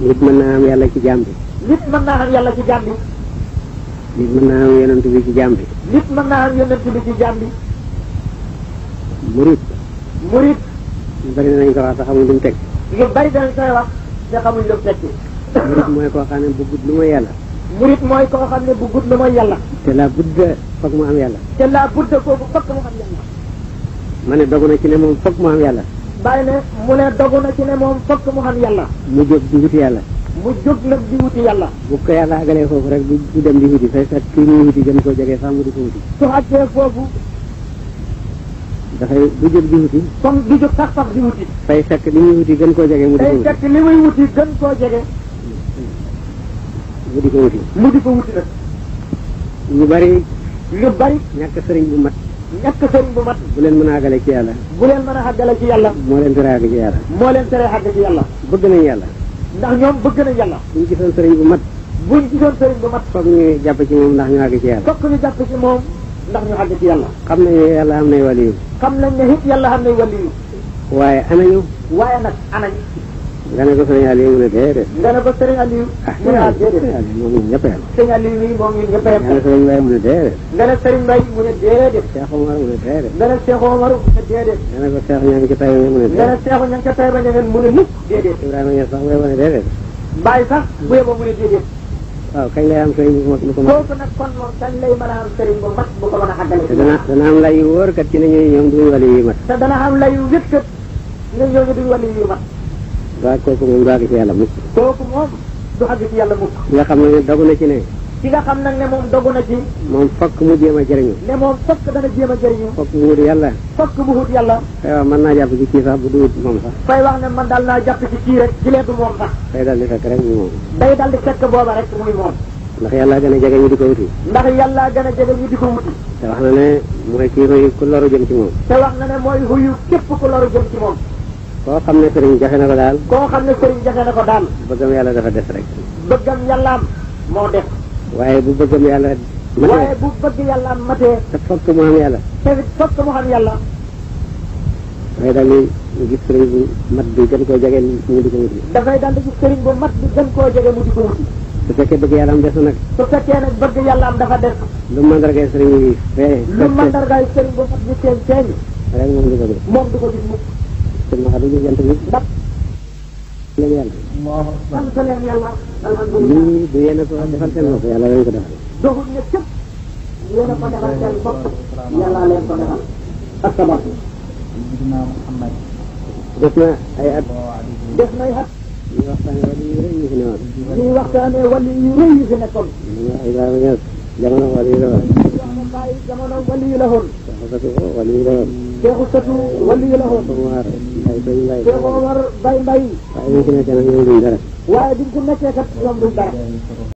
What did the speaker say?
nit mën naa am yàlla ci jaam nit mën naa am yàlla ci jaam nit mën naa am yonent bi ci nit mën naa am yonent bi ci murid murid ñu bari nañ ko wax te xamul lu teg ñu bari dañ koy wax te lu teg murid mooy koo xam ne bu lu ma yàlla murid mooy koo xam ne bu lu ma yàlla te la budd foog mu am yàlla te la budd kooku foog mu am yàlla ma ne dogu na ci ne moom mu am yàlla bàyyi ne mu ne dogu na ci ne moom fokk mu xam yàlla mu jóg di wuti yàlla mu jóg nag di wuti yàlla bu ko yàlla agalee foofu rek bu dem di wuti fay fekk kii muy gën koo jege faa ko wuti su àggee foofu dafay du kon du jóg sax sax di wuti fay fekk li muy wuti gën koo jege mu di ko wuti fay fekk li muy wuti gën koo jege mu di ko wuti mu di ko wuti nag ñu bari ñu bari ñàkk sëriñ bu mat ñàkk sëriñ bu mat bu leen mën a àggale ci yàlla bu leen mën a àggale ci yàlla moo leen tere àgg ci yàlla moo leen tere àgg ci yàlla bëgg nañ yàlla ndax ñoom bëgg nañ yàlla buñ gisoon sëriñ bu mat buñ gisoon sëriñ bu mat foog ñu jàpp ci moom ndax ñu àgg ci yàlla foog ñu jàpp ci moom ndax ñu àgg ci yàlla xam nañ yàlla am nay waliyu xam nañ ne it yàlla am nay waliyu waaye anañu waaye nag anañ nga ne ko sëriñ Aliou mu ne déedéet. nga ne ko sëriñ Aliou. ah si waaw moom ñun ñëpp a yem. sëriñ Aliou mii moom ñun ñëpp a yem. nga ne sëriñ Mbaye mu ne déedéet. nga ne sëriñ Mbaye mu ne déedéet. Cheikh Omar mu ne déedéet. nga ne Cheikh Omar mu ne déedéet. nga ne ko Cheikh Niang ca Taïba Niassène mu ne déedéet. nga ne Cheikh Niang ca Taïba Niassène mu ne mukk déedéet. Ibrahima Niass sax mu ne déedéet. Mbaye sax bu yeboo mu ne déedéet. waaw kañ lay am sëriñ bu mat bu ko mën kooku nag kon moom kañ lay mën a am sëriñ bu mat bu ko mën a xàggale te dana dana am lay yu wóor kat ci ne ñooñu ñoom duñu wali yu mat te dana am lay yu wét kat ne ñooñu duñu wali yu mat waaw kooku moom du àgg ci yàlla mukk. kooku moom du àgg ci yàlla mukk. nga xam ne dogu na ci ne. ki nga xam nag ne moom dogu na ci. moom fokk mu jéem a jëriñu. ne moom fokk dana jéem a jëriñu. fokk mu wut yàlla. fokk mu wut yàlla. fay wax mën naa jàpp ci kii sax bu duwut moom sax. fay wax ne man daal naa jàpp ci kii rek jilee du moom sax. day daal di fekk rek muy moom. day daal di fekk booba rek muy moom. ndax yàlla gën a jege ñu di ko wuti. ndax yàlla gën a jege ñu di ko wuti. te wax na ne mooy kii xuy ku loru jëm ci moom. te wax na ne mooy xuyu képp ku loru jëm ci moom koo xam ne sëriñ jafe na ko daal koo xam ne sëriñ jafe na ko daal bëggam yàlla dafa def rek bëggam yàllaam moo def waaye bu bëggam yàlla matee waaye bu bëgg yàllaam matee te fokk mu am yàlla te fokk mu xam yàlla dafay daal di gis sëriñ bu mat bi gën koo jege mu di ko wuti dafay daal di gis sëriñ bu mat bi gën koo jege mu di ko wuti su fekkee bëgg yàlla am des na nag su fekkee nag bëgg yàlla am dafa def lu mandargay sëriñ bi fee lu mandargay sëriñ bu mat bi seen seen rek moom du ko gis moom du ko gis mukk sëñ Maodo diggante bi bap la yàlla. lii du yéen a ko defal seen bopp yàlla lañ ko defal. doxul ne cëpp yéen a ko defal seen bopp yàlla leen ko defal ak sa bopp. def na ay at. def na ay at. ñuy waxtaanee wàllu yu rëy yu fi nekkoon. ñuy waxtaanee wàllu yu rëy yu fi nekkoon. Ibrahima Niass jamono wàllu yu la woon. jamono wàllu yu la woon. Seexu Satu wàllu yu la woon. Seexu Satu wàllu yu la woon. ay bay mbay. te Omar bay mbay. waaye bu ñu ci nekkee nag ñoom duñ dara. waaye bu ñu ci nekkee kat ñoom duñ dara.